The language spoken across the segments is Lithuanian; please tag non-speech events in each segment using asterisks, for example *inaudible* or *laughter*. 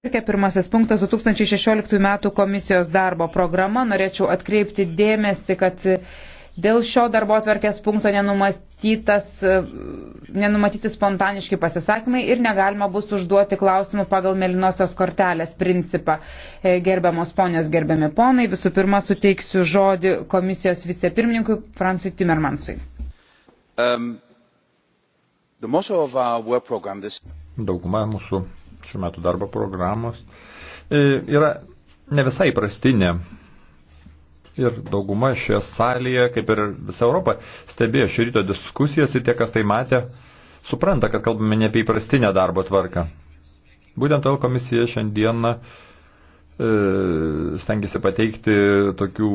Pirkė pirmasis punktas 2016 metų komisijos darbo programa. Norėčiau atkreipti dėmesį, kad dėl šio darbo atverkės punkto nenumatyti spontaniški pasisakymai ir negalima bus užduoti klausimų pagal melinosios kortelės principą. E, gerbiamos ponios, gerbiami ponai, visų pirma suteiksiu žodį komisijos vicepirmininkui Fransui Timermansui. Um, this... Dauguma mūsų šių metų darbo programos e, yra ne visai prastinė. Ir dauguma šioje salėje, kaip ir visa Europa, stebėjo šio ryto diskusijas ir tie, kas tai matė, supranta, kad kalbame ne apie įprastinę darbo tvarką. Būtent todėl komisija šiandieną e, stengiasi pateikti tokių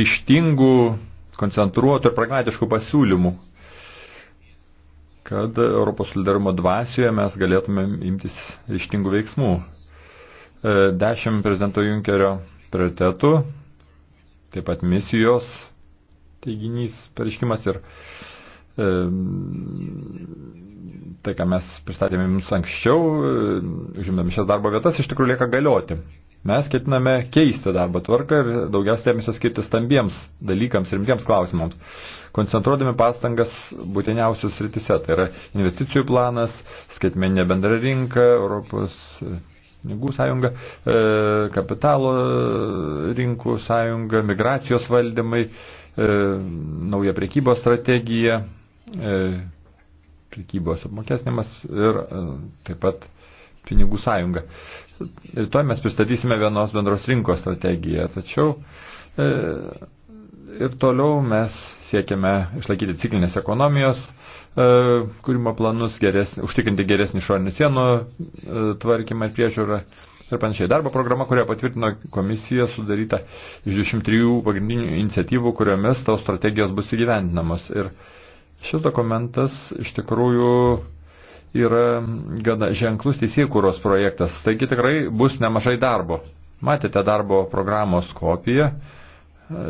ryštingų, koncentruotų ir pragmatiškų pasiūlymų, kad Europos solidarumo dvasioje mes galėtumėm imtis ištingų veiksmų. E, dešimt prezidento Junkerio prioritetų, taip pat misijos teiginys, pareiškimas ir e, tai, ką mes pristatėme jums anksčiau, e, žimdami šias darbo vietas, iš tikrųjų lieka galioti. Mes ketiname keisti darbo tvarką ir daugiausiai dėmesio skirti stambiems dalykams, rimtiems klausimams, koncentruodami pastangas būtiniausios rytise. Tai yra investicijų planas, skaitmeninė bendra rinka, Europos pinigų sąjunga, e, kapitalo rinkų sąjunga, migracijos valdymai, e, nauja prekybos strategija, e, prekybos apmokesnimas ir taip pat pinigų sąjungą. Rytoj mes pristatysime vienos bendros rinkos strategiją, tačiau e, ir toliau mes siekiame išlaikyti ciklinės ekonomijos e, kūrimo planus, geresnį, užtikrinti geresnį šorinių sienų e, tvarkymą ir priežiūrą ir panašiai. Darbo programa, kurią patvirtino komisija, sudaryta iš 23 pagrindinių iniciatyvų, kuriomis tos strategijos bus įgyvendinamos. Ir šis dokumentas iš tikrųjų yra gana ženklus teisėkūros projektas, taigi tikrai bus nemažai darbo. Matėte darbo programos kopiją, e,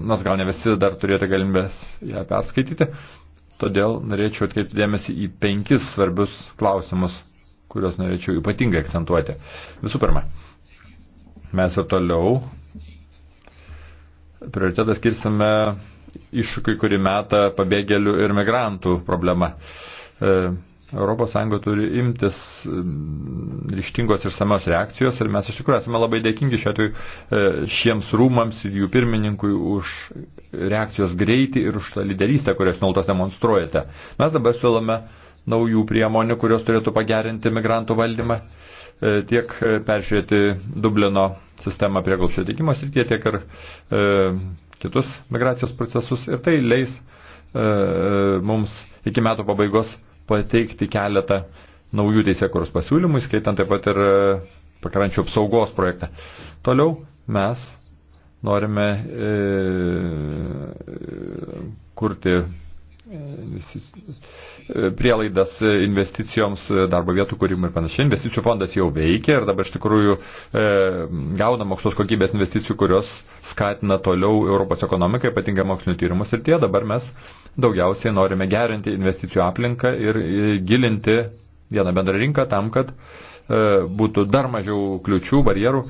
nors gal ne visi dar turėjote galimybės ją perskaityti, todėl norėčiau atkreipti dėmesį į penkis svarbius klausimus, kuriuos norėčiau ypatingai akcentuoti. Visų pirma, mes ir toliau prioritetą skirsime iššūkiui, kurį meta pabėgėlių ir migrantų problema. E, ES turi imtis mm, ryštingos ir samios reakcijos ir mes iš tikrųjų esame labai dėkingi šiuo atveju e, šiems rūmams ir jų pirmininkui už reakcijos greitį ir už tą lyderystę, kurios nuolatos demonstruojate. Mes dabar siūlome naujų priemonių, kurios turėtų pagerinti migrantų valdymą, e, tiek e, peržiūrėti Dublino sistemą prieglobščio teikimo srityje, tiek ir e, kitus migracijos procesus ir tai leis e, mums iki metų pabaigos pateikti keletą naujų teisėkuros pasiūlymų, skaitant taip pat ir e, pakrančių apsaugos projektą. Toliau mes norime e, kurti E, prielaidas e, investicijoms, e, darbo vietų kūrimui ir panašiai. Investicijų fondas jau veikia ir dabar iš tikrųjų e, gaunam aukštos kokybės investicijų, kurios skatina toliau Europos ekonomiką, ypatingai mokslinio tyrimus ir tie dabar mes daugiausiai norime gerinti investicijų aplinką ir gilinti vieną bendrą rinką tam, kad būtų dar mažiau kliučių, barjerų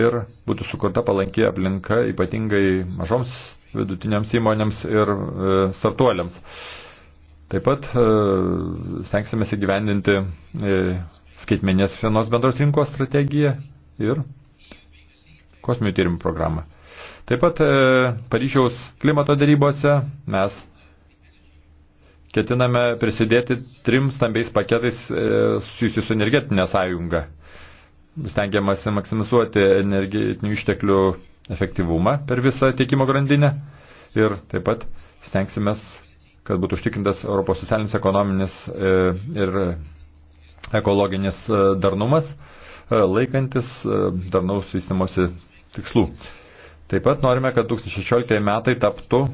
ir būtų sukurta palanki aplinka ypatingai mažoms vidutiniams įmonėms ir e, startuoliams. Taip pat e, stengsime įgyvendinti e, skaitmenės vienos bendros rinkos strategiją ir kosminių tyrimų programą. Taip pat Paryžiaus klimato darybose mes ketiname prisidėti trim stambiais paketais susijusiu su energetinė sąjunga. Stengiamasi maksimizuoti energetinių išteklių efektyvumą per visą tiekimo grandinę ir taip pat stengsimės, kad būtų užtikrintas Europos socialinis, ekonominis e, ir ekologinis e, darnumas, e, laikantis darnaus vystimosi tikslų. Taip pat norime, kad 2016 metai taptų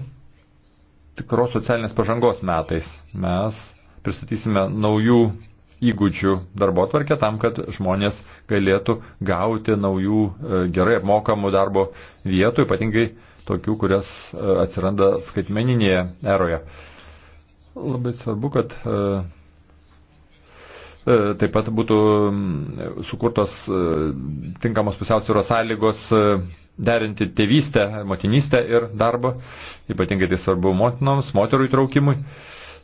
tikros socialinės pažangos metais. Mes pristatysime naujų įgūdžių darbo atvarkę tam, kad žmonės galėtų gauti naujų e, gerai apmokamų darbo vietų, ypatingai tokių, kurias e, atsiranda skaitmeninėje eroje. Labai svarbu, kad e, taip pat būtų sukurtos tinkamos pusiausvėros sąlygos derinti tėvystę, motinystę ir darbą, ypatingai tai svarbu motinoms, moterų įtraukimui.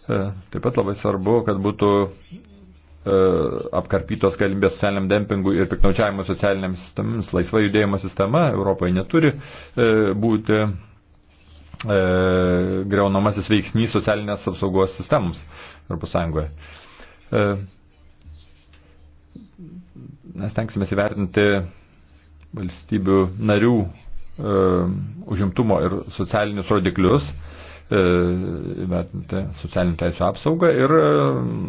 Taip pat labai svarbu, kad būtų E, apkarpytos galimybės socialiniam dempingui ir piknaučiavimo socialiniams sistemams. Laisva judėjimo sistema Europoje neturi e, būti e, greunamasis veiksnys socialinės apsaugos sistemams Europos Sąjungoje. Mes tenksime įvertinti valstybių narių užimtumo ir socialinius rodiklius E, vertinti socialinių teisų apsaugą ir e,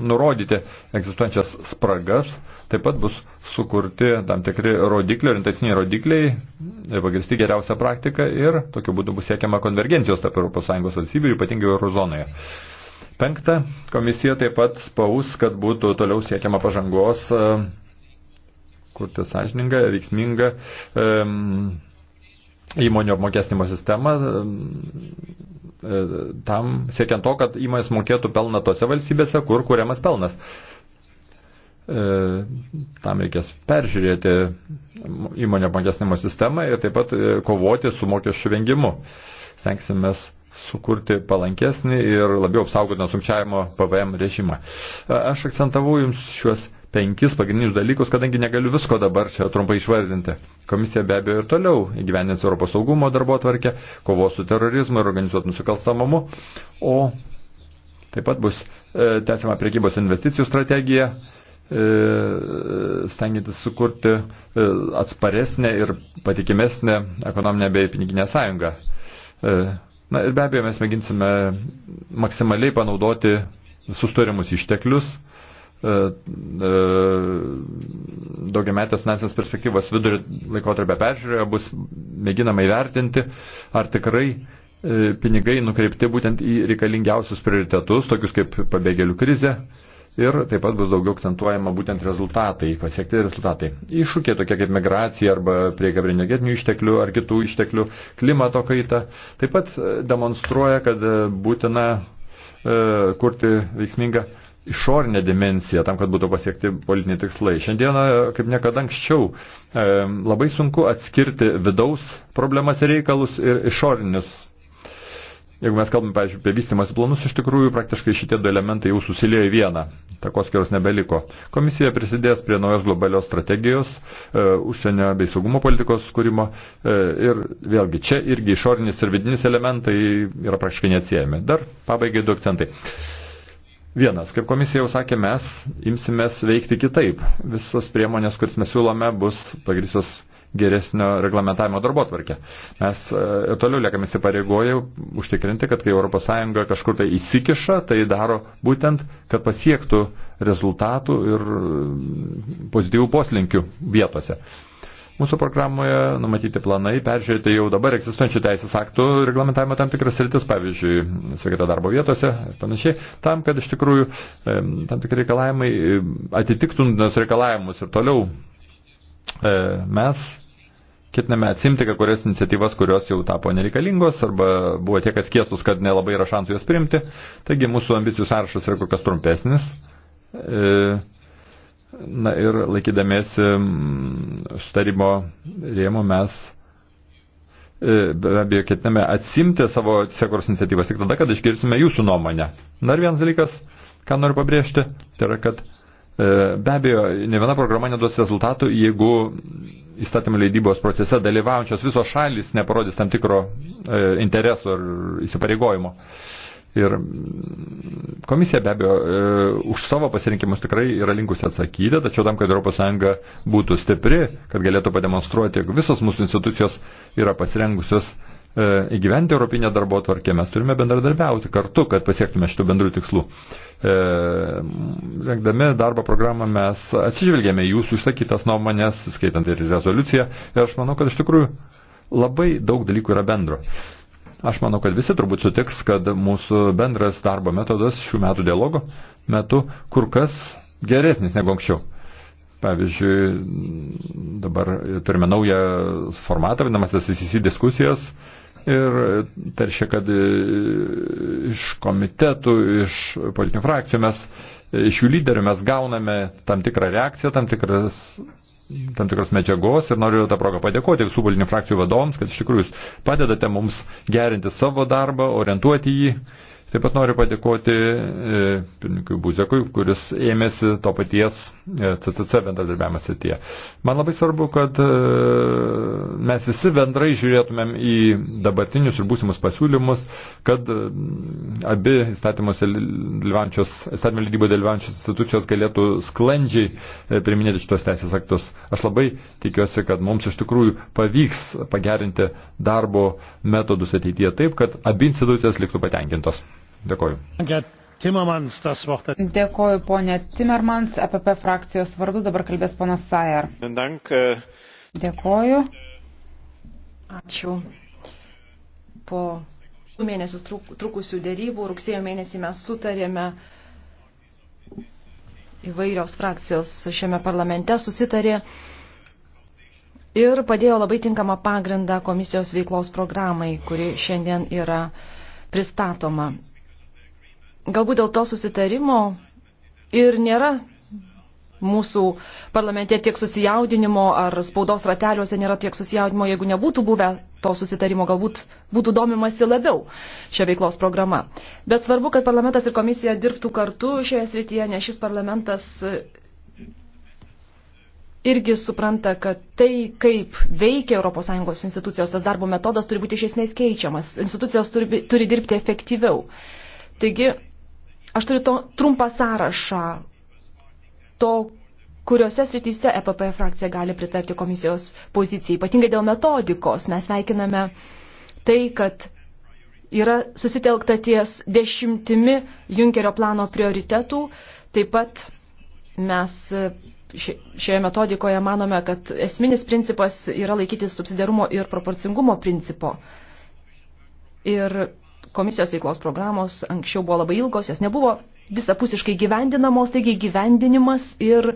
nurodyti egzistuojančias spragas. Taip pat bus sukurti tam tikri rodikliai, orientaciniai rodikliai, e, pagristi geriausią praktiką ir tokiu būdu bus siekiama konvergencijos tarp ES valstybių, ypatingai Eurozonoje. Penkta, komisija taip pat spaus, kad būtų toliau siekiama pažangos kurti sąžiningą, veiksmingą įmonių apmokestinimo sistemą, E, tam siekiant to, kad įmonės mokėtų pelną tose valstybėse, kur kuriamas pelnas. E, tam reikės peržiūrėti įmonio apmokestinimo sistemą ir taip pat e, kovoti su mokesčių vengimu. Stengsimės sukurti palankesnį ir labiau apsaugotiną sumčiavimo PVM režimą. Aš akcentavau jums šiuos penkis pagrindinius dalykus, kadangi negaliu visko dabar čia trumpai išvardinti. Komisija be abejo ir toliau įgyvendins Europos saugumo darbo atvarkę, kovos su terorizmu ir organizuotų nusikalstamumu, o taip pat bus e, tęsiama priekybos investicijų strategija, e, stengiantis sukurti e, atsparesnę ir patikimesnę ekonominę bei piniginę sąjungą. E, na ir be abejo mes mėginsime maksimaliai panaudoti susturimus išteklius, e, E, e, daugiametės finansinės perspektyvos vidurį laikotarpę peržiūrėjo, bus mėginama įvertinti, ar tikrai e, pinigai nukreipti būtent į reikalingiausius prioritetus, tokius kaip pabėgėlių krizė, ir taip pat bus daugiau akcentuojama būtent rezultatai, pasiekti rezultatai. Iššūkiai tokie kaip migracija arba prieiga prie energetinių išteklių ar kitų išteklių, klimato kaita taip pat demonstruoja, kad būtina e, kurti veiksmingą e, išorinę dimenciją tam, kad būtų pasiekti politiniai tikslai. Šiandieną, kaip niekada anksčiau, e, labai sunku atskirti vidaus problemas ir reikalus ir išorinius. Jeigu mes kalbame, pavyzdžiui, apie vystimosi planus, iš tikrųjų praktiškai šitie du elementai jau susilėjo į vieną. Takos skiros nebeliko. Komisija prisidės prie naujos globalios strategijos, e, užsienio bei saugumo politikos skūrimo. E, ir vėlgi, čia irgi išorinis ir vidinis elementai yra praktiškai neatsiejami. Dar pabaigai du akcentai. E, Vienas, kaip komisija jau sakė, mes imsimės veikti kitaip. Visos priemonės, kuris mes siūlome, bus pagrįsios geresnio reglamentavimo darbo tvarkė. Mes e, toliau liekame įsipareigoję užtikrinti, kad kai ES kažkur tai įsikiša, tai daro būtent, kad pasiektų rezultatų ir pozityvių poslinkių vietose. Mūsų programoje numatyti planai peržiūrėti jau dabar egzistuojančių teisės aktų reglamentavimo tam tikras rytis, pavyzdžiui, sveikata darbo vietose ir panašiai, tam, kad iš tikrųjų tam tikri reikalavimai atitiktų nes reikalavimus ir toliau e, mes ketiname atsimti kai kurias iniciatyvas, kurios jau tapo nereikalingos arba buvo tiek atskiestus, kad nelabai yra šansų jas priimti. Taigi mūsų ambicijų sąrašas yra kokias trumpesnis. E, Na ir laikydamėsi mm, sutarimo rėmų mes e, be abejo ketiname atsimti savo sekros iniciatyvas tik tada, kad išgirsime jūsų nuomonę. Dar vienas dalykas, ką noriu pabrėžti, tai yra, kad e, be abejo, ne viena programa neduos rezultatų, jeigu įstatymų leidybos procese dalyvaujančios visos šalis neparodys tam tikro e, intereso ir įsipareigojimo. E, Ir mm, komisija be abejo e, už savo pasirinkimus tikrai yra linkusi atsakyti, tačiau tam, kad ES būtų stipri, kad galėtų pademonstruoti, jog visos mūsų institucijos yra pasirengusios e, įgyventi Europinę darbo tvarkę, mes turime bendradarbiauti kartu, kad pasiektume šitų bendrų tikslų. E, rengdami darbo programą mes atsižvelgėme jūsų išsakytas nuomonės, skaitant ir rezoliuciją, ir aš manau, kad iš tikrųjų labai daug dalykų yra bendro. Aš manau, kad visi turbūt sutiks, kad mūsų bendras darbo metodas šių metų dialogo metu kur kas geresnis negu anksčiau. Pavyzdžiui, dabar turime naują formatą, vadinamasis ICC diskusijas. Ir taršia, kad iš komitetų, iš politinių frakcijų mes, iš jų lyderių mes gauname tam tikrą reakciją, tam tikras tam tikros medžiagos ir noriu tą progą padėkoti visų politinių frakcijų vadovams, kad iš tikrųjų jūs padedate mums gerinti savo darbą, orientuoti jį Taip pat noriu padėkoti e, pirmininkui Buzekui, kuris ėmėsi to paties e, CCC bendradarbiavimo srityje. Man labai svarbu, kad e, mes visi bendrai žiūrėtumėm į dabartinius ir būsimus pasiūlymus, kad e, abi įstatymų lydybo dalyvaujančios institucijos galėtų sklandžiai e, priminėti šitos teisės aktus. Aš labai tikiuosi, kad mums iš tikrųjų pavyks pagerinti darbo metodus ateityje taip, kad abi institucijos liktų patenkintos. Dėkoju. Dėkoju, ponė Timmermans, APP e frakcijos vardu, dabar kalbės ponas Sajar. E- Dėkoju. Ačiū. Po mėnesius trukusių dėrybų rugsėjo mėnesį mes sutarėme įvairios frakcijos šiame parlamente susitarė ir padėjo labai tinkamą pagrindą komisijos veiklos programai, kuri šiandien yra pristatoma galbūt dėl to susitarimo ir nėra mūsų parlamente tiek susijaudinimo ar spaudos rateliuose nėra tiek susijaudinimo, jeigu nebūtų buvę to susitarimo, galbūt būtų domimasi labiau šią veiklos programą. Bet svarbu, kad parlamentas ir komisija dirbtų kartu šioje srityje, nes šis parlamentas irgi supranta, kad tai, kaip veikia ES institucijos, tas darbo metodas turi būti iš esmės keičiamas. Institucijos turi, turi dirbti efektyviau. Taigi, Aš turiu to, trumpą sąrašą to, kuriuose srityse EPP frakcija gali pritarti komisijos pozicijai. Ypatingai dėl metodikos mes veikiname tai, kad yra susitelkta ties dešimtimi Junkerio plano prioritetų. Taip pat mes šioje metodikoje manome, kad esminis principas yra laikytis subsidarumo ir proporcingumo principo. Ir komisijos veiklos programos anksčiau buvo labai ilgos, jos nebuvo visapusiškai gyvendinamos, taigi gyvendinimas ir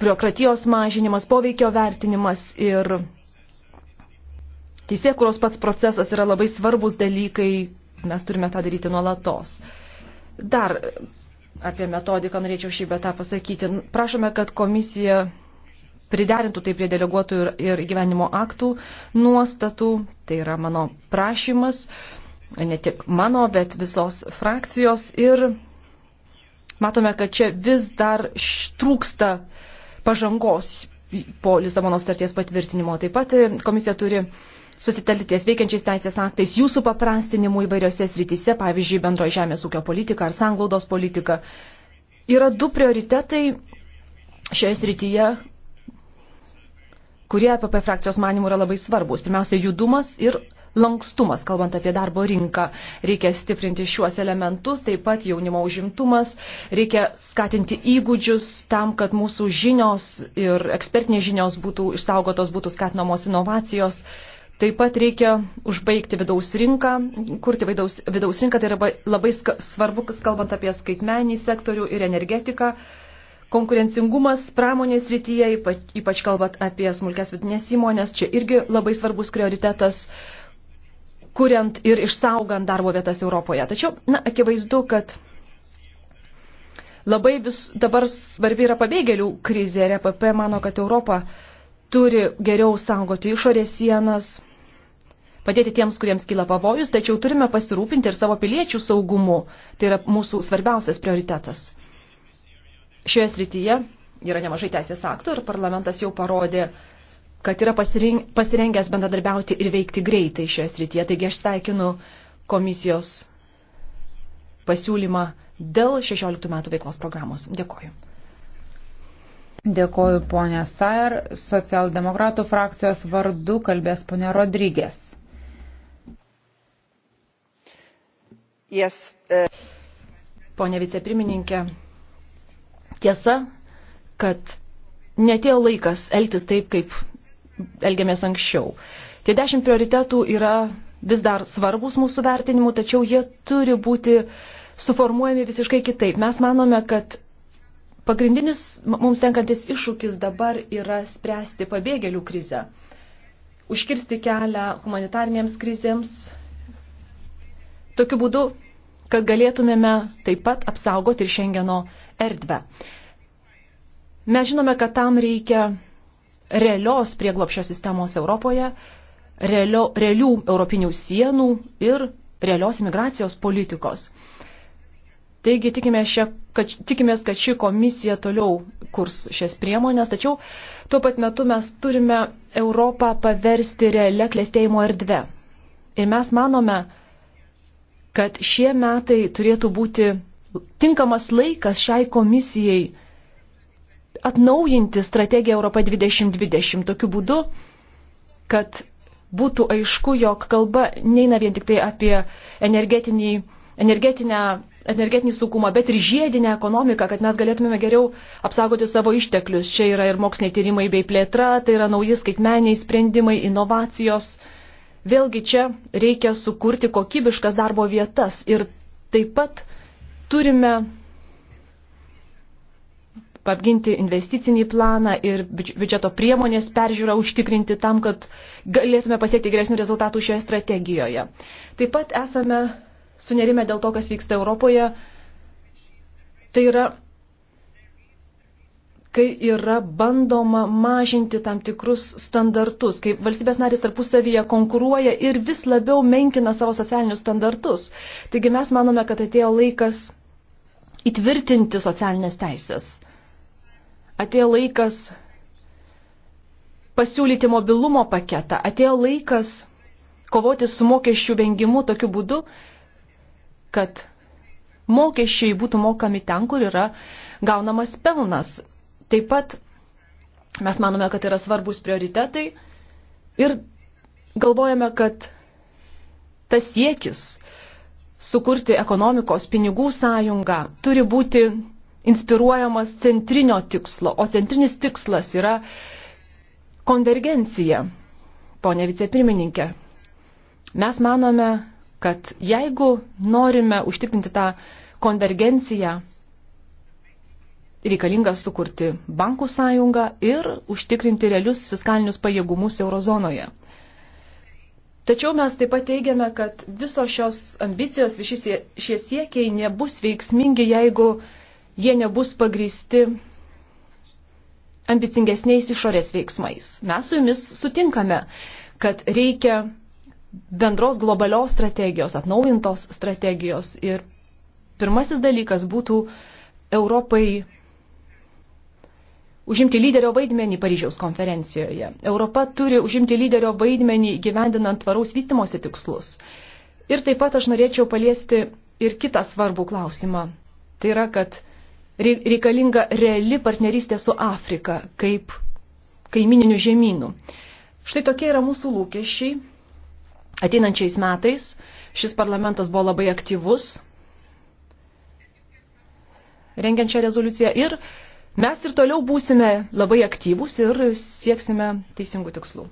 biurokratijos mažinimas, poveikio vertinimas ir teisėkuros pats procesas yra labai svarbus dalykai, mes turime tą daryti nuolatos. Dar apie metodiką norėčiau šį betą pasakyti. Prašome, kad komisija priderintų tai prie deleguotų ir, ir gyvenimo aktų nuostatų. Tai yra mano prašymas, ne tik mano, bet visos frakcijos. Ir matome, kad čia vis dar trūksta pažangos po Lisabono starties patvirtinimo. Taip pat e, komisija turi susitelti ties veikiančiais teisės aktais, jūsų paprastinimu įvairiose srityse, pavyzdžiui, bendro žemės ūkio politika ar sanglaudos politika. Yra du prioritetai šioje srityje, kurie PP frakcijos manimų yra labai svarbus. Pirmiausia, judumas ir lankstumas, kalbant apie darbo rinką. Reikia stiprinti šiuos elementus, taip pat jaunimo užimtumas, reikia skatinti įgūdžius tam, kad mūsų žinios ir ekspertinės žinios būtų išsaugotos, būtų skatinamos inovacijos. Taip pat reikia užbaigti vidaus rinką, kurti vidaus, vidaus rinką, tai yra labai svarbu, kalbant apie skaitmenį sektorių ir energetiką. Uh, Konkurencingumas pramonės rytyje, ypač kalbant apie smulkės vidinės įmonės, čia irgi labai svarbus prioritetas, kuriant ir išsaugant darbo vietas Europoje. Tačiau, na, akivaizdu, kad labai vis dabar svarbi yra pabėgėlių krizė ir EPP mano, kad Europa turi geriau saugoti išorės sienas, padėti tiems, kuriems kyla pavojus, tačiau turime pasirūpinti ir savo piliečių saugumu. Tai yra mūsų svarbiausias prioritetas. Šioje srityje yra nemažai teisės aktų ir parlamentas jau parodė, kad yra pasirengęs bendradarbiauti ir veikti greitai šioje srityje. Taigi aš sveikinu komisijos pasiūlymą dėl 16 metų veiklos programos. Dėkoju. Dėkoju ponė Sair. Socialdemokratų frakcijos vardu kalbės ponė Rodrygės. Yes. Uh, Pone vicepirmininkė, Tiesa, kad netėjo laikas elgtis taip, kaip elgiamės anksčiau. Tie dešimt prioritetų yra vis dar svarbus mūsų vertinimu, tačiau jie turi būti suformuojami visiškai kitaip. Mes manome, kad pagrindinis mums tenkantis iššūkis dabar yra spręsti pabėgėlių krizę, užkirsti kelią humanitarniems krizėms. Tokiu būdu, kad galėtumėme taip pat apsaugoti ir Šengeno erdvę. Mes žinome, kad tam reikia realios prieglopšio sistemos Europoje, realio, realių europinių sienų ir realios imigracijos politikos. Taigi tikime šia, kad, tikimės, kad ši komisija toliau kurs šias priemonės, tačiau tuo pat metu mes turime Europą paversti realią klėstėjimo erdvę. Ir mes manome, kad šie metai turėtų būti tinkamas laikas šiai komisijai atnaujinti strategiją Europą 2020 tokiu būdu, kad būtų aišku, jog kalba neina vien tik tai apie energetinį, energetinį saugumą, bet ir žiedinę ekonomiką, kad mes galėtume geriau apsaugoti savo išteklius. Čia yra ir moksliniai tyrimai bei plėtra, tai yra nauji skaitmeniai sprendimai, inovacijos. Vėlgi čia reikia sukurti kokybiškas darbo vietas ir taip pat Turime apginti investicinį planą ir biudžeto priemonės peržiūrą užtikrinti tam, kad galėtume pasiekti geresnių rezultatų šioje strategijoje. Taip pat esame sunerime dėl to, kas vyksta Europoje. Tai yra, kai yra bandoma mažinti tam tikrus standartus, kai valstybės narės tarpusavyje konkuruoja ir vis labiau menkina savo socialinius standartus. Taigi mes manome, kad atėjo laikas įtvirtinti socialinės teisės. Atėjo laikas pasiūlyti mobilumo paketą, atėjo laikas kovoti su mokesčių vengimu tokiu būdu, kad mokesčiai būtų mokami ten, kur yra gaunamas pelnas. Taip pat mes manome, kad yra svarbus prioritetai ir galvojame, kad tas siekis sukurti ekonomikos pinigų sąjungą, turi būti inspiruojamas centrinio tikslo, o centrinis tikslas yra konvergencija. Pone vicepirmininkė, mes manome, kad jeigu norime užtikrinti tą konvergenciją, reikalinga sukurti bankų sąjungą ir užtikrinti realius fiskalinius pajėgumus eurozonoje. Tačiau mes taip pat teigiame, kad visos šios ambicijos, visi šie siekiai nebus veiksmingi, jeigu jie nebus pagristi ambicingesniais išorės veiksmais. Mes su jumis sutinkame, kad reikia bendros globalios strategijos, atnaujintos strategijos ir pirmasis dalykas būtų Europai užimti lyderio vaidmenį Paryžiaus konferencijoje. Europa turi užimti lyderio vaidmenį gyvendinant tvaraus vystimosi tikslus. Ir taip pat aš norėčiau paliesti ir kitą svarbų klausimą. Tai yra, kad reikalinga reali partnerystė su Afrika kaip kaimininiu žemynu. Štai tokie yra mūsų lūkesčiai. Ateinančiais metais šis parlamentas buvo labai aktyvus rengiant šią rezoliuciją ir Mes ir toliau būsime labai aktyvūs ir sieksime teisingų tikslų.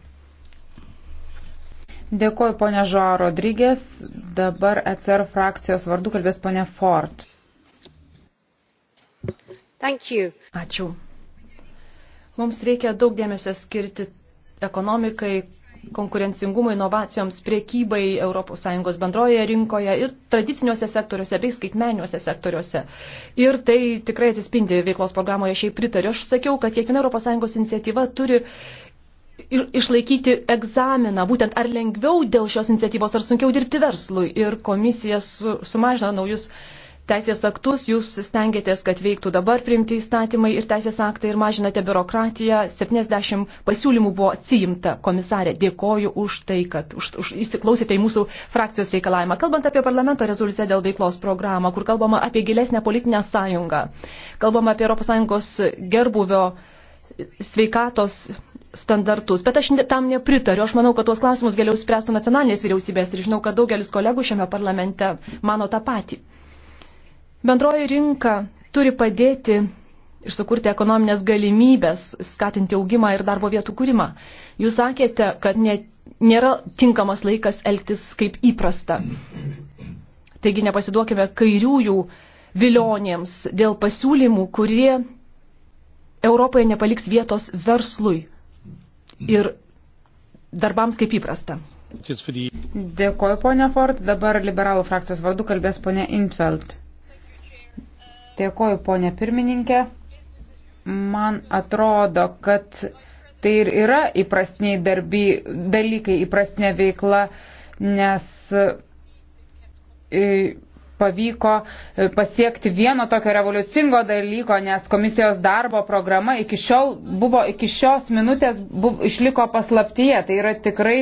Dėkuoju, ponia Žoa Rodrygės. Dabar ECR frakcijos vardu kalbės ponia Ford. Ačiū. Mums reikia daug dėmesio skirti ekonomikai, konkurencingumui, inovacijoms, priekybai ES bendroje rinkoje ir tradiciniuose sektoriuose bei skaitmeniuose sektoriuose. Ir tai tikrai atsispindi veiklos programoje, šiaip pritariu. Aš sakiau, kad kiekviena ES iniciatyva turi išlaikyti egzaminą, būtent ar lengviau dėl šios iniciatyvos, ar sunkiau dirbti verslui. Ir komisija su, sumažina naujus teisės aktus, jūs stengiatės, kad veiktų dabar priimti įstatymai ir teisės aktai ir mažinate biurokratiją. 70 pasiūlymų buvo atsiimta, komisarė. Dėkoju už tai, kad už, už, įsiklausėte į mūsų frakcijos reikalavimą. Kalbant apie parlamento rezoliuciją dėl veiklos programą, kur kalbama apie gilesnę politinę sąjungą, kalbama apie ES gerbuvio sveikatos standartus. Bet aš tam nepritariu. Aš manau, kad tuos klausimus geriau spręstų nacionalinės vyriausybės ir žinau, kad daugelis kolegų šiame parlamente mano tą patį. Bendroji rinka turi padėti ir sukurti ekonominės galimybės, skatinti augimą ir darbo vietų kūrimą. Jūs sakėte, kad ne, nėra tinkamas laikas elgtis kaip įprasta. Taigi nepasiduokime kairiųjų vilionėms dėl pasiūlymų, kurie Europoje nepaliks vietos verslui ir darbams kaip įprasta. Dėkoju, ponia Ford. Dabar liberalų frakcijos vardu kalbės ponia Intveld. Dėkoju, ponė pirmininkė. Man atrodo, kad tai ir yra įprastiniai darby, dalykai, įprastinė veikla, nes e, pavyko e, pasiekti vieno tokio revoliucingo dalyko, nes komisijos darbo programa iki šiol buvo iki šios minutės buv, išliko paslaptyje. Tai yra tikrai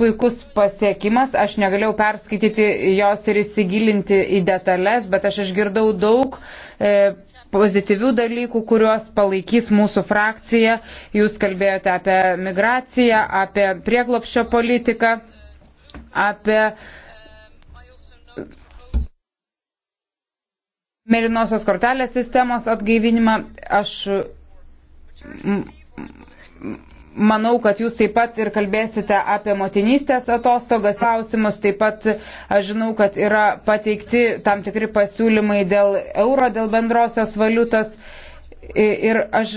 puikus pasiekimas. Aš negalėjau perskaityti jos ir įsigilinti į detalės, bet aš išgirdau daug uh, E, pozityvių dalykų, kuriuos palaikys mūsų frakcija. Jūs kalbėjote apie migraciją, apie prieglopščio politiką, apie mėlynosios kortelės sistemos atgaivinimą. Aš Manau, kad jūs taip pat ir kalbėsite apie motinystės atostogas klausimus. Taip pat aš žinau, kad yra pateikti tam tikri pasiūlymai dėl euro, dėl bendrosios valiutos. Ir aš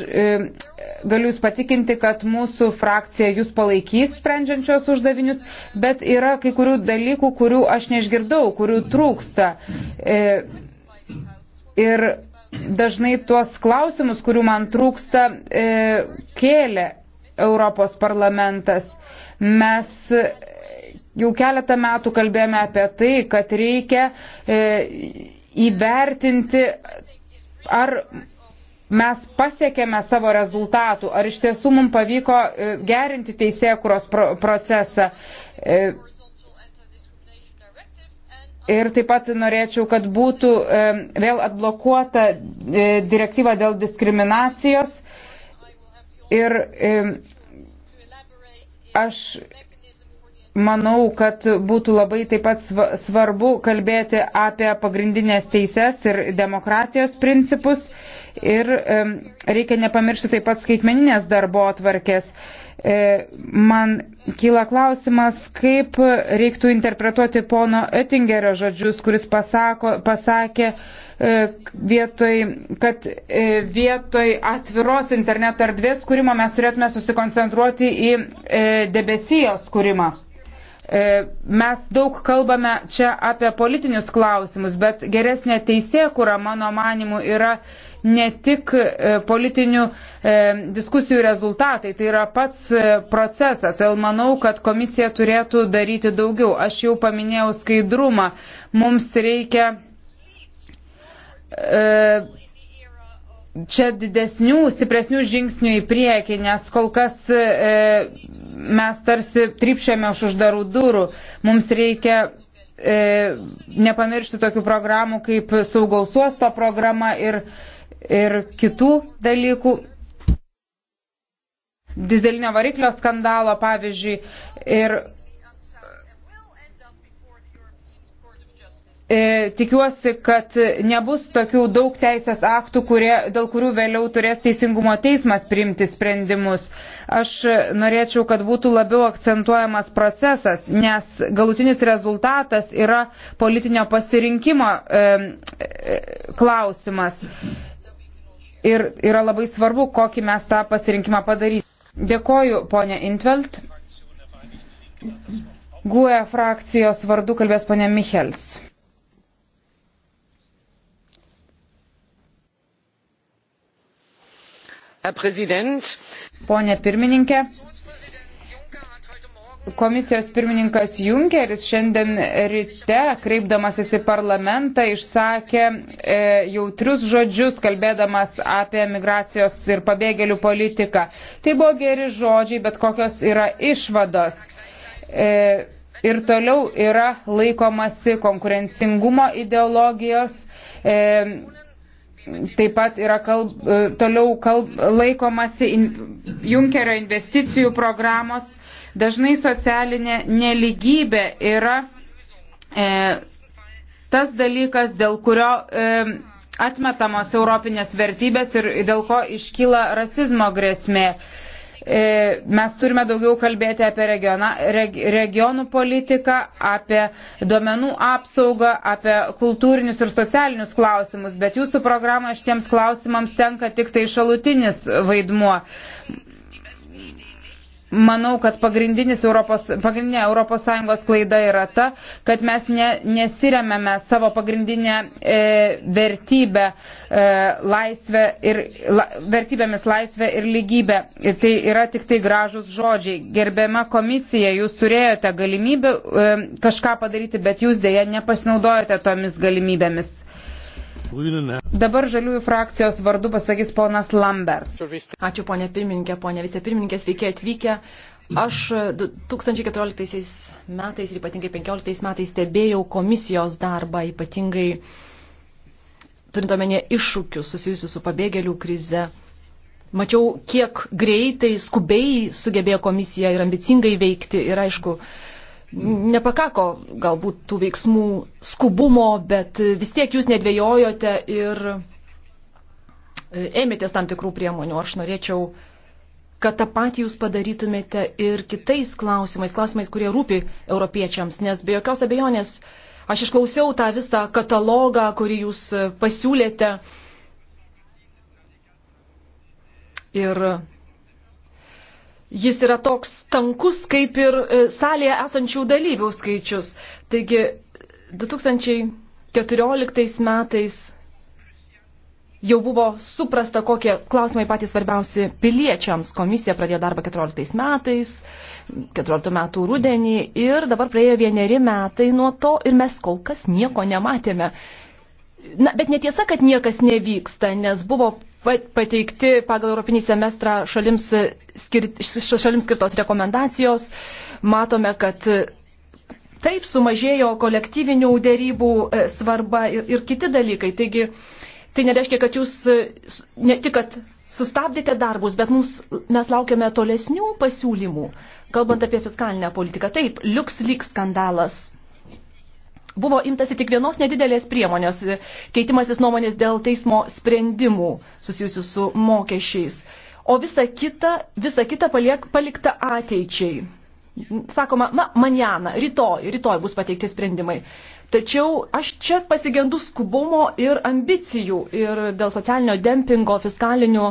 galiu Jūs patikinti, kad mūsų frakcija Jūs palaikys sprendžiančios uždavinius, bet yra kai kurių dalykų, kurių aš neišgirdau, kurių trūksta. Ir dažnai tuos klausimus, kurių man trūksta, kėlė Europos parlamentas. Mes e, jau keletą metų kalbėjome apie tai, kad reikia e, įvertinti, ar mes pasiekėme savo rezultatų, ar iš tiesų mums pavyko e, gerinti teisėkuros procesą. Ir taip pat norėčiau, kad būtų vėl atblokuota direktyva dėl diskriminacijos Ir aš manau, kad būtų labai taip pat svarbu kalbėti apie pagrindinės teises ir demokratijos principus. Ir reikia nepamiršti taip pat skaitmeninės darbo atvarkės. E, man kyla klausimas, kaip reiktų interpretuoti pono Oettingerio žodžius, kuris pasako, pasakė, E, vietoj, kad e, vietoj atviros interneto erdvės kūrimo mes turėtume susikoncentruoti į e, debesijos kūrimą. Mes daug kalbame čia apie politinius klausimus, bet geresnė teisėkura, mano manimu, yra ne tik politinių diskusijų rezultatai, tai yra pats procesas. Todėl manau, kad komisija turėtų daryti daugiau. Aš jau paminėjau skaidrumą. Mums reikia E, čia didesnių, stipresnių žingsnių į priekį, nes kol kas e, mes tarsi trypšėme už uždarų durų. Mums reikia e, nepamiršti tokių programų kaip saugaus uosto programa ir, ir kitų dalykų. Dizelinio variklio skandalo, pavyzdžiui, ir E, tikiuosi, kad nebus tokių daug teisės aktų, kurie, dėl kurių vėliau turės teisingumo teismas priimti sprendimus. Aš norėčiau, kad būtų labiau akcentuojamas procesas, nes galutinis rezultatas yra politinio pasirinkimo e, e, klausimas. Ir yra labai svarbu, kokį mes tą pasirinkimą padarysime. Dėkoju, ponė Intvelt. GUE frakcijos vardu kalbės ponė Michels. Pone pirmininkė, komisijos pirmininkas Junkeris šiandien ryte, kreipdamasis į parlamentą, išsakė e, jautrius žodžius, kalbėdamas apie migracijos ir pabėgėlių politiką. Tai buvo geri žodžiai, bet kokios yra išvados. E, ir toliau yra laikomasi konkurencingumo ideologijos. E, Taip pat yra kalb, e, toliau kalb, laikomasi in, Junkerio investicijų programos. Dažnai socialinė neligybė yra e, tas dalykas, dėl kurio e, atmetamos europinės vertybės ir dėl ko iškyla rasizmo grėsmė. E, E, mes turime daugiau kalbėti apie regiona, reg, regionų politiką, apie duomenų apsaugą, apie kultūrinius ir socialinius klausimus, bet jūsų programoje šitiems klausimams tenka tik tai šalutinis vaidmuo. Manau, kad Europos, pagrindinė ES klaida yra ta, kad mes ne, nesiremėme savo pagrindinę e, vertybę, e, laisvę ir, la, vertybėmis laisvę ir lygybę. Ir tai yra tik tai gražus žodžiai. Gerbiama komisija, jūs turėjote galimybę e, kažką padaryti, bet jūs dėja nepasinaudojote tomis galimybėmis. Dabar žaliųjų frakcijos vardu pasakys ponas Lambert. Ačiū ponė pirmininkė, ponė vicepirmininkė, sveiki atvykę. Aš 2014 metais ir ypatingai 2015 metais stebėjau komisijos darbą, ypatingai turint omenyje iššūkius susijusius su pabėgėlių krize. Mačiau, kiek greitai, skubiai sugebėjo komisija ir ambicingai veikti. Ir aišku, uh, nepakako galbūt tų veiksmų skubumo, bet vis tiek jūs nedvėjojote ir e, ėmėtės tam tikrų priemonių. Aš norėčiau, kad tą patį jūs padarytumėte ir kitais klausimais, klausimais, kurie rūpi europiečiams, nes be jokios abejonės aš išklausiau tą visą katalogą, kurį jūs pasiūlėte. Ir jis yra toks tankus, kaip ir e, salėje esančių dalyvių skaičius. Taigi 2014 metais jau buvo suprasta, kokie klausimai patys svarbiausi piliečiams. Komisija pradėjo darbą 14 metais, 14 metų rudenį ir dabar praėjo vieneri metai nuo to ir mes kol kas nieko nematėme. Na, bet netiesa, kad niekas nevyksta, nes buvo pateikti pagal Europinį semestrą šalims, skirt, šalims skirtos rekomendacijos. Matome, kad taip sumažėjo kolektyvinių dėrybų e, svarba ir, ir kiti dalykai. Taigi, tai nereiškia, kad jūs e, ne tik, kad sustabdėte darbus, bet mums, mes laukiame tolesnių pasiūlymų, kalbant apie fiskalinę politiką. Taip, liuks lyg skandalas buvo imtasi tik vienos nedidelės priemonės – keitimasis nuomonės dėl teismo sprendimų susijusių su mokesčiais. O visa kita, visa kita paliek, palikta ateičiai. Sakoma, na, manjana, rytoj, rytoj bus pateikti sprendimai. Tačiau aš čia pasigendu skubumo ir ambicijų ir dėl socialinio dempingo, fiskalinių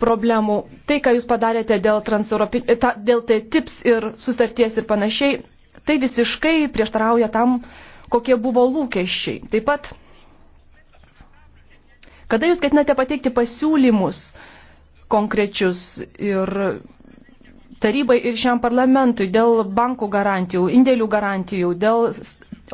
problemų. Tai, ką jūs padarėte dėl, dėl TTIPS ir sustarties ir panašiai, tai visiškai prieštarauja tam, uh, kokie buvo lūkesčiai. Taip pat, kada jūs ketinate pateikti pasiūlymus konkrečius ir tarybai ir šiam parlamentui dėl bankų garantijų, indėlių garantijų, dėl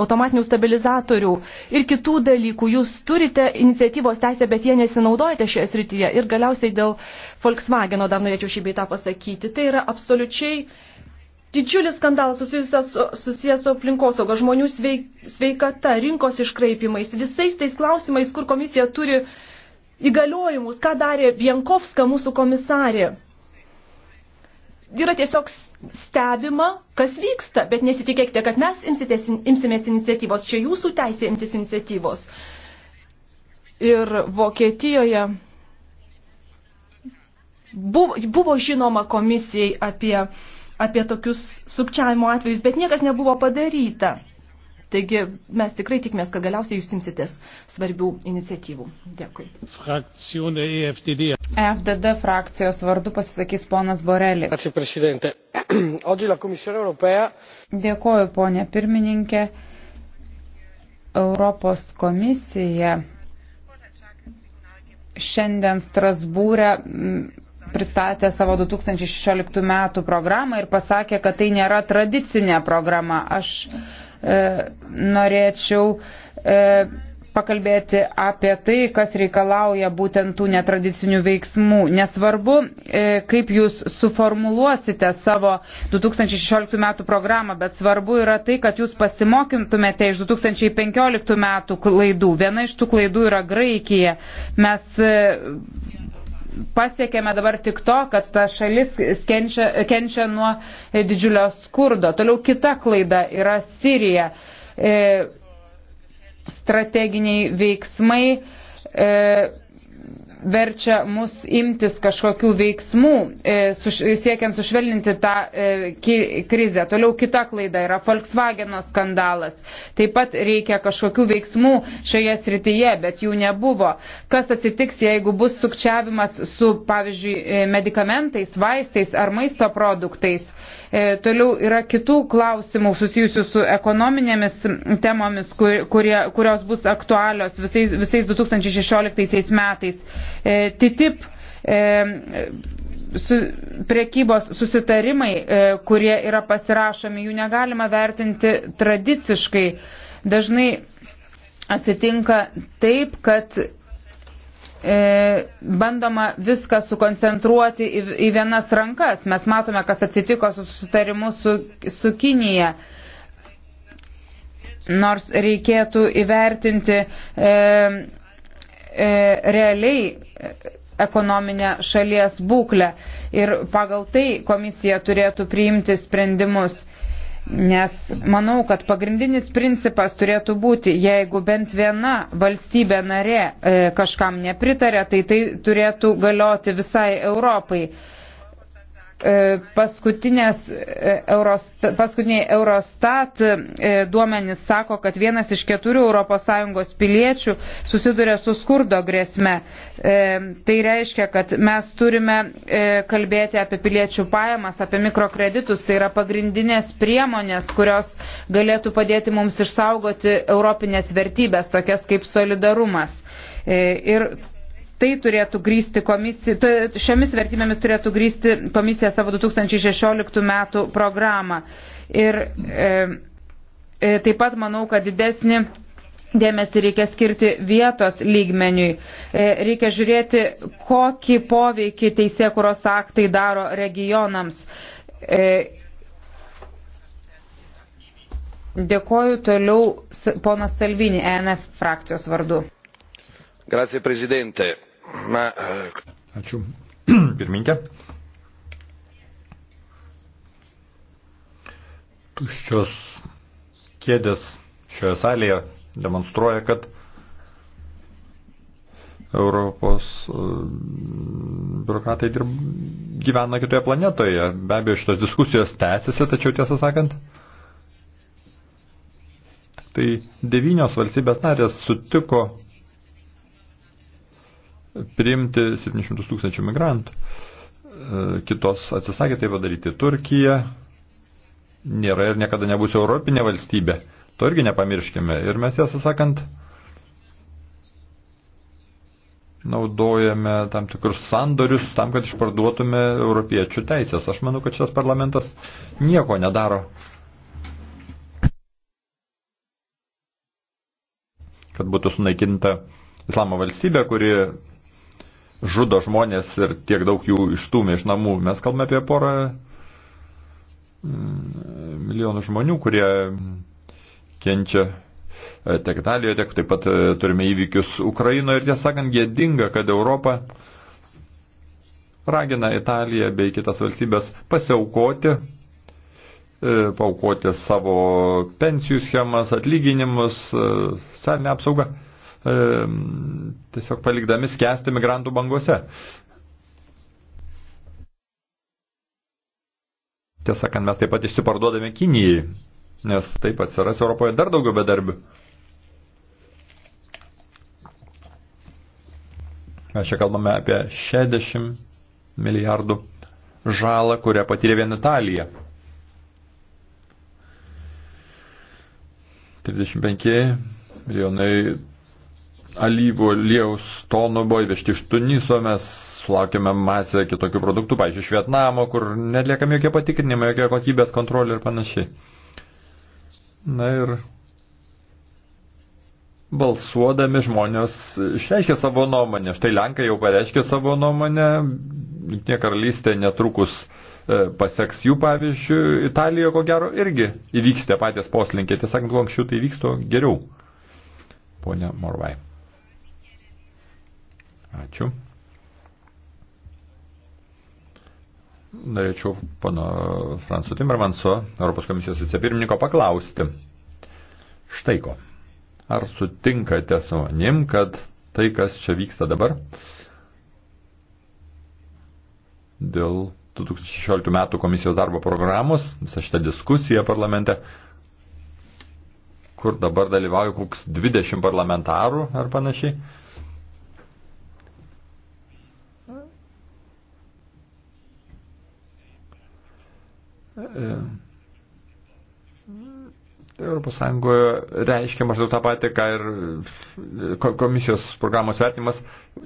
automatinių stabilizatorių ir kitų dalykų. Jūs turite iniciatyvos teisę, bet jie nesinaudojate šioje srityje. Ir galiausiai dėl Volkswageno dar norėčiau šį beitą pasakyti. Tai yra absoliučiai Didžiulis skandalas susijęs, susijęs su aplinkosauga, žmonių sveikata, rinkos iškraipimais, visais tais klausimais, kur komisija turi įgaliojimus, ką darė Bienkovska mūsų komisarė. Yra tiesiog stebima, kas vyksta, bet nesitikėkite, kad mes imsitės, imsimės iniciatyvos, čia jūsų teisė imtis iniciatyvos. Ir Vokietijoje buvo, buvo žinoma komisijai apie uh, apie tokius sukčiavimo atvejus, bet niekas nebuvo padaryta. Taigi mes tikrai tikimės, kad galiausiai jūs simsitės svarbių iniciatyvų. Dėkui. Frakcijone EFDD. FDD e frakcijos vardu pasisakys ponas Borelį. Ačiū, prezidente. Odži *clears throat* la Komisija Europėja. Dėkoju, ponė pirmininkė. Europos komisija šiandien Strasbūrė pristatė savo 2016 metų programą ir pasakė, kad tai nėra tradicinė programa. Aš e, norėčiau e, pakalbėti apie tai, kas reikalauja būtent tų netradicinių veiksmų. Nesvarbu, e, kaip jūs suformuluosite savo 2016 metų programą, bet svarbu yra tai, kad jūs pasimokintumėte iš 2015 metų klaidų. Viena iš tų klaidų yra Graikija. Mes e, pasiekėme dabar tik to, kad ta šalis kenčia, kenčia nuo e, didžiulio skurdo. Toliau kita klaida yra Sirija. E, strateginiai veiksmai. E, verčia mus imtis kažkokių veiksmų, e, siekiant sušvelninti tą e, krizę. Toliau kita klaida yra Volkswageno skandalas. Taip pat reikia kažkokių veiksmų šioje srityje, bet jų nebuvo. Kas atsitiks, jeigu bus sukčiavimas su, pavyzdžiui, e, medikamentais, vaistais ar maisto produktais? E, toliau yra kitų klausimų susijusių su ekonominėmis temomis, kur, kurie, kurios bus aktualios visais, visais 2016 metais. E, TTIP e, su, priekybos susitarimai, kurie yra pasirašomi, jų negalima vertinti tradiciškai. Dažnai atsitinka taip, kad E, bandoma viską sukoncentruoti į, į vienas rankas. Mes matome, kas atsitiko su susitarimu su, su Kinija. Nors reikėtų įvertinti e, e, realiai ekonominę šalies būklę ir pagal tai komisija turėtų priimti sprendimus. Nes manau, kad pagrindinis principas turėtų būti, jeigu bent viena valstybė narė e, kažkam nepritarė, tai tai turėtų galioti visai Europai. E, e, Eurostat, paskutiniai Eurostat e, duomenys sako, kad vienas iš keturių ES piliečių susiduria su skurdo grėsme. Tai reiškia, kad mes turime kalbėti apie piliečių pajamas, apie mikrokreditus. Tai yra pagrindinės priemonės, kurios galėtų padėti mums išsaugoti europinės vertybės, tokias kaip solidarumas. Ir tai turėtų grįsti komisija, šiomis vertimėmis turėtų grįsti komisija savo 2016 metų programą. Ir e, e, taip pat manau, kad didesnį dėmesį reikia skirti vietos lygmeniui. E, reikia žiūrėti, kokį poveikį teisėkuros aktai daro regionams. E, dėkoju toliau ponas Salvini, ENF frakcijos vardu. Grazie, prezidente. Ma... Eh, Ačiū. *clears throat* Pirminkė. Tuščios kėdės šioje salėje demonstruoja, kad Europos e, biurokratai dirb, gyvena kitoje planetoje. Be abejo, šitos diskusijos tęsiasi, tačiau tiesą sakant, tai devynios valstybės narės sutiko priimti 700 tūkstančių migrantų. E, kitos atsisakė tai padaryti. Turkija nėra ir niekada nebus Europinė valstybė. To irgi nepamirškime. Ir mes, tiesą sakant, naudojame tam tikrus sandorius tam, kad išparduotume europiečių teisės. Aš manau, kad šitas parlamentas nieko nedaro. Kad būtų sunaikinta islamo valstybė, kuri žudo žmonės ir tiek daug jų išstumė iš namų. Mes kalbame apie porą mm, milijonų žmonių, kurie kenčia e, tiek Italijoje, tiek taip pat e, turime įvykius Ukrainoje ir tiesą sakant gėdinga, kad Europa ragina Italiją bei kitas valstybės pasiaukoti, e, paukoti savo pensijų schemas, atlyginimus, socialinę apsaugą e, tiesiog palikdami skęsti migrantų banguose. Tiesą sakant, mes taip pat išsiparduodame Kinijai, nes taip atsiras Europoje dar daugiau bedarbių. Mes čia kalbame apie 60 milijardų žalą, kurią patyrė vien Italija. 35 milijonai alyvų aliejaus tonobo įvežti iš Tuniso, mes sulaukėme masę kitokių produktų, pavyzdžiui, iš Vietnamo, kur netliekami jokie patikrinimai, jokie kokybės kontrolė ir panašiai. Na ir balsuodami žmonės išreiškė savo nuomonę. Štai Lenkai jau pareiškė savo nuomonę, Junktinė karalystė netrukus e, paseks jų pavyzdžių, Italijoje ko gero irgi įvyks tie patys poslinkiai, tiesiog, kuo anksčiau tai vyksto geriau. Pone Morvai. Ačiū. Norėčiau pono Fransu Timmermanso, Europos komisijos vicepirmininko, paklausti. Štai ko. Ar sutinkate su manim, kad tai, kas čia vyksta dabar, dėl 2016 metų komisijos darbo programos, visą šitą diskusiją parlamente, kur dabar dalyvauja koks 20 parlamentarų ar panašiai, E, Europos Sąjungoje reiškia maždaug tą patį, ką ir e, komisijos programos vertimas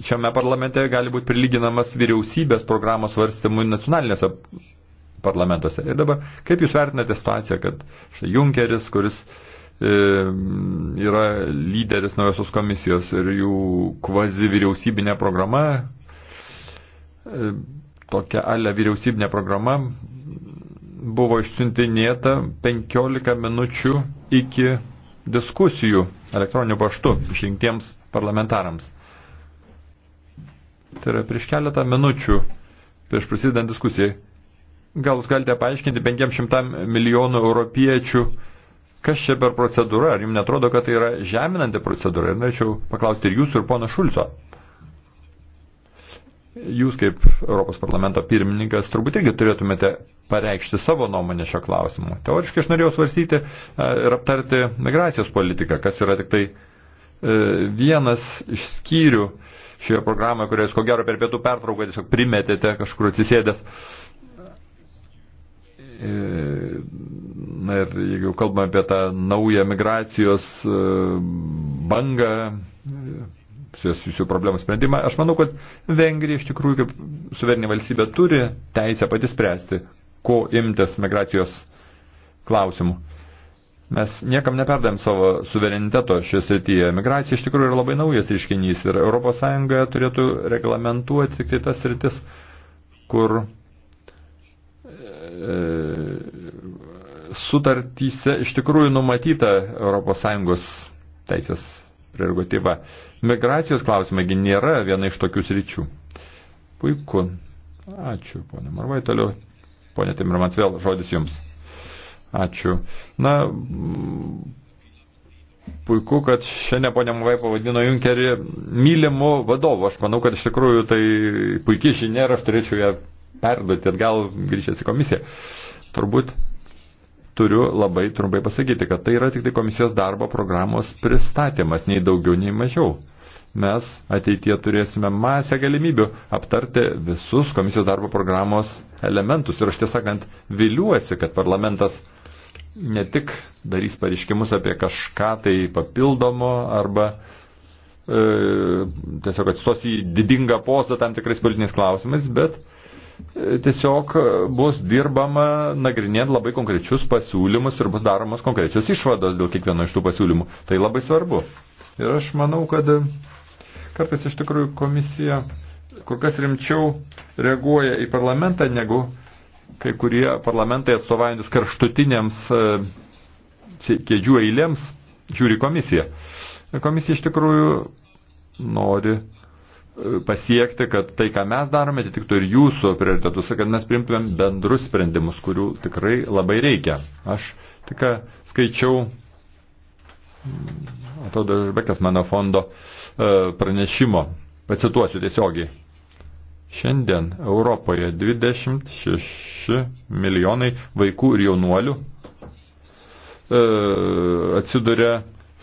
šiame parlamente gali būti prilyginamas vyriausybės programos svarstymui nacionalinėse parlamentuose. Ir dabar, kaip jūs vertinate situaciją, kad štai Junkeris, kuris e, yra lyderis naujosios komisijos ir jų kvazi vyriausybinė programa, e, tokia ale vyriausybinė programa buvo išsiuntinėta 15 minučių iki diskusijų elektroniniu paštu išrinktiems parlamentarams. Tai yra prieš keletą minučių, prieš prasidedant diskusijai. Gal jūs galite paaiškinti 500 milijonų europiečių, kas čia per procedūra? Ar jums netrodo, kad tai yra žeminanti procedūra? Ir norėčiau paklausti ir jūsų, ir pono Šulco. Jūs kaip Europos parlamento pirmininkas turbūt irgi turėtumėte pareikšti savo nuomonę šio klausimu. Teoriškai aš norėjau svarstyti e, ir aptarti migracijos politiką, kas yra tik tai e, vienas iš skyrių šioje programoje, kurią jūs ko gero per pietų pertrauką tiesiog primetėte kažkur atsisėdęs. E, na ir jeigu kalbame apie tą naują migracijos bangą, susijusių problemų sprendimą. Aš manau, kad Vengrija iš tikrųjų kaip suverinė valstybė turi teisę pati spręsti, ko imtis migracijos klausimų. Mes niekam neperdėm savo suvereniteto šioje srityje. Migracija iš tikrųjų yra labai naujas reiškinys ir ES turėtų reglamentuoti tik tai tas sritis, kur e, sutartyse iš tikrųjų numatyta ES teisės prerogatyva. Migracijos klausimai nėra viena iš tokių sričių. Puiku. Ačiū, ponė Marvai. Toliau Pone Timirmans, vėl žodis jums. Ačiū. Na, puiku, kad šiandien ponė Mavai pavadino Junkerį mylimu vadovu. Aš manau, kad iš tikrųjų tai puikiai žinia ir aš turėčiau ją perduoti atgal grįžęs į komisiją. Turbūt turiu labai trumpai pasakyti, kad tai yra tik tai komisijos darbo programos pristatymas, nei daugiau, nei mažiau mes ateitie turėsime masę galimybių aptarti visus komisijos darbo programos elementus. Ir aš tiesąkant viliuosi, kad parlamentas ne tik darys pareiškimus apie kažką tai papildomo arba e, tiesiog atstos į didingą pozą tam tikrais politiniais klausimais, bet e, tiesiog bus dirbama nagrinėjant labai konkrečius pasiūlymus ir bus daromos konkrečios išvados dėl kiekvieno iš tų pasiūlymų. Tai labai svarbu. Ir aš manau, kad Kartais iš tikrųjų komisija kur kas rimčiau reaguoja į parlamentą negu kai kurie parlamentai atstovaujantis karštutinėms e, kėdžių eilėms žiūri komisija. Komisija iš tikrųjų nori e, pasiekti, kad tai, ką mes darome, atitiktų ir jūsų prioritetus, kad mes priimtumėm bendrus sprendimus, kurių tikrai labai reikia. Aš tik e, skaičiau, atrodo, Žbekės mano fondo uh, E, pranešimo. Pacituosiu tiesiogiai. Šiandien Europoje 26 milijonai vaikų ir jaunuolių e, atsiduria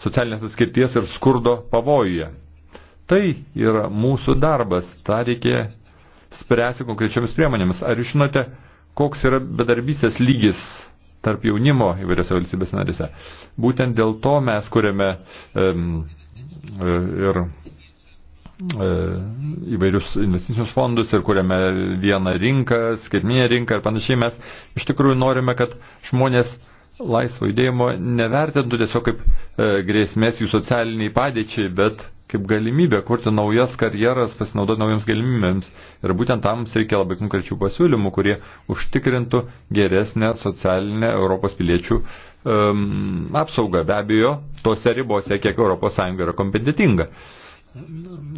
socialinės atskirties ir skurdo pavojuje. Tai yra mūsų darbas, tą reikia spręsti konkrečiamis priemonėmis. Ar jūs žinote, koks yra bedarbysės lygis tarp jaunimo įvairiose valstybės narėse? Būtent dėl to mes kuriame um, E, ir e, įvairius investicinius fondus ir kuriame vieną rinką, skaitminę rinką ir panašiai, mes iš tikrųjų norime, kad žmonės laisvo judėjimo nevertintų tiesiog kaip e, grėsmės jų socialiniai padėčiai, bet kaip galimybę kurti naujas karjeras, pasinaudoti naujoms galimybėms. Ir būtent tam reikia labai konkrečių pasiūlymų, kurie užtikrintų geresnę socialinę Europos piliečių um, apsaugą. Be abejo, tose ribose, kiek ES yra kompetitinga.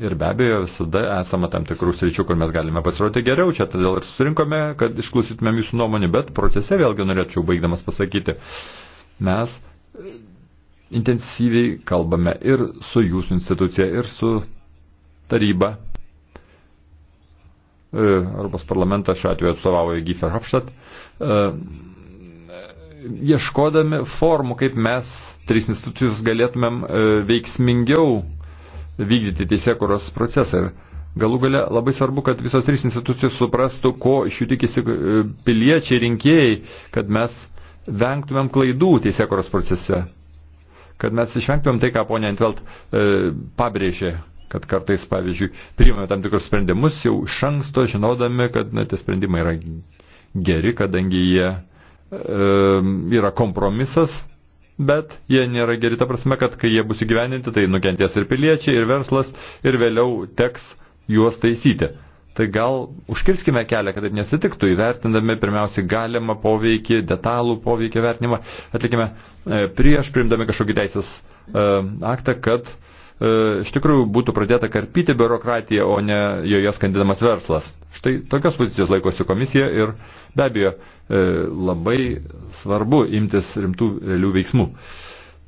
Ir be abejo, visada esame tam tikrų sričių, kur mes galime pasirodyti geriau. Čia todėl ir susirinkome, kad išklausytumėm jūsų nuomonį, bet procese vėlgi norėčiau baigdamas pasakyti. Mes intensyviai kalbame ir su jūsų institucija, ir su taryba. E, Europos parlamentas šiuo atveju atstovauja Giefer Hapštat, e, ieškodami formų, kaip mes, trys institucijos, galėtumėm e, veiksmingiau vykdyti teisėkuros procesą. Ir galų gale labai svarbu, kad visos trys institucijos suprastų, ko iš jų tikisi piliečiai, rinkėjai, kad mes vengtumėm klaidų teisėkuros procese kad mes išvengtumėm tai, ką ponė Antvelt e, pabrėžė, kad kartais, pavyzdžiui, priimame tam tikrus sprendimus jau iš anksto, žinodami, kad na, tie sprendimai yra geri, kadangi jie e, yra kompromisas, bet jie nėra geri, ta prasme, kad kai jie bus įgyveninti, tai nukenties ir piliečiai, ir verslas, ir vėliau teks juos taisyti. Tai gal užkirskime kelią, kad taip nesitiktų, įvertindami pirmiausiai galimą poveikį, detalų poveikį vertinimą, atlikime E, prieš priimdami kažkokį teisės e, aktą, kad e, iš tikrųjų būtų pradėta karpyti biurokratiją, o ne joje skandinamas verslas. Štai tokios pozicijos laikosi komisija ir be abejo labai svarbu imtis rimtų realių veiksmų.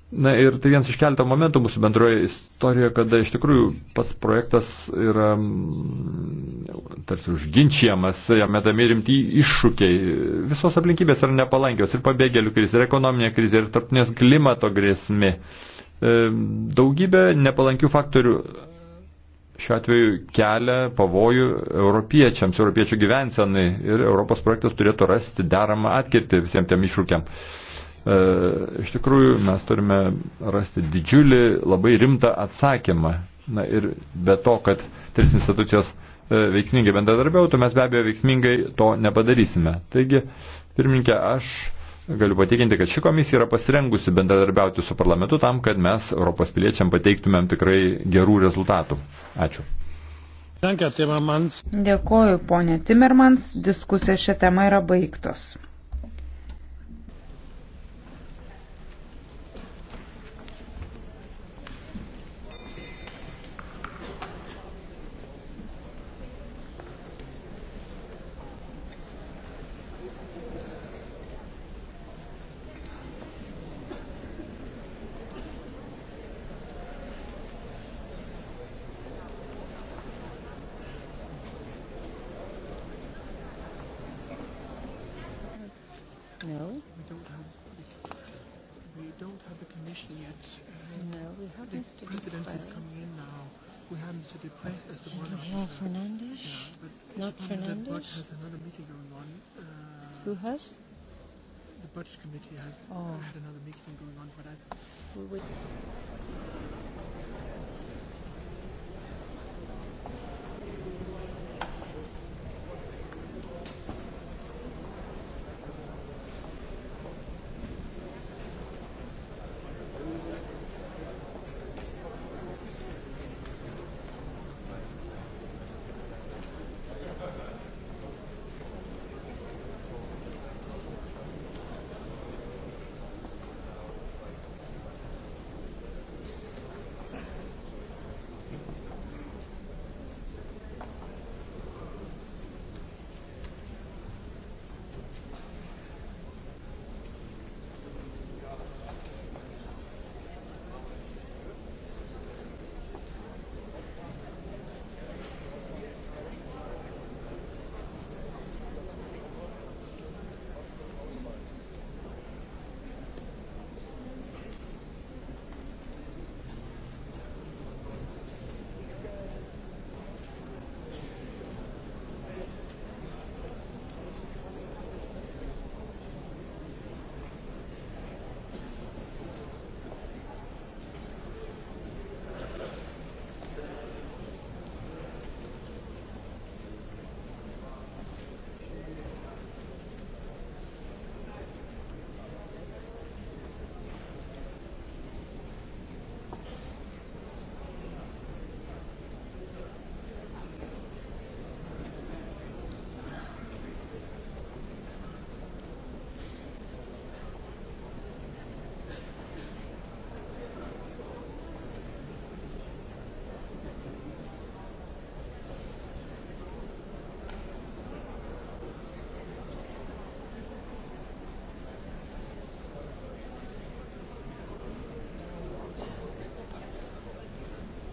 Na ir tai vienas iš keletą momentų mūsų bendroje istorijoje, kada iš tikrųjų pats projektas yra mm, tarsi užginčiamas, jam metami rimti iššūkiai. Visos aplinkybės yra nepalankios ir pabėgėlių krizė, ir ekonominė krizė, ir tarptinės klimato grėsmi. E, daugybė nepalankių faktorių šiuo atveju kelia pavojų europiečiams, europiečių gyvensenai ir Europos projektas turėtų rasti deramą atkirtį visiems tiem iššūkiam. E, iš tikrųjų, mes turime rasti didžiulį, labai rimtą atsakymą. Na ir be to, kad tris institucijos e, veiksmingai bendradarbiautų, mes be abejo veiksmingai to nepadarysime. Taigi, pirmininkė, aš galiu patikinti, kad ši komisija yra pasirengusi bendradarbiauti su parlamentu tam, kad mes Europos piliečiam pateiktumėm tikrai gerų rezultatų. Ačiū. Dėkoju, ponė Timmermans. Diskusija šią temą yra baigtos. happens to President be is coming in now. We happen to be pressed as the one. Manuel Fernandez? Yeah, but Not Fernandez? The budget has another meeting going on. Uh, Who has? The budget committee has oh. had another meeting going on, but I. Well, we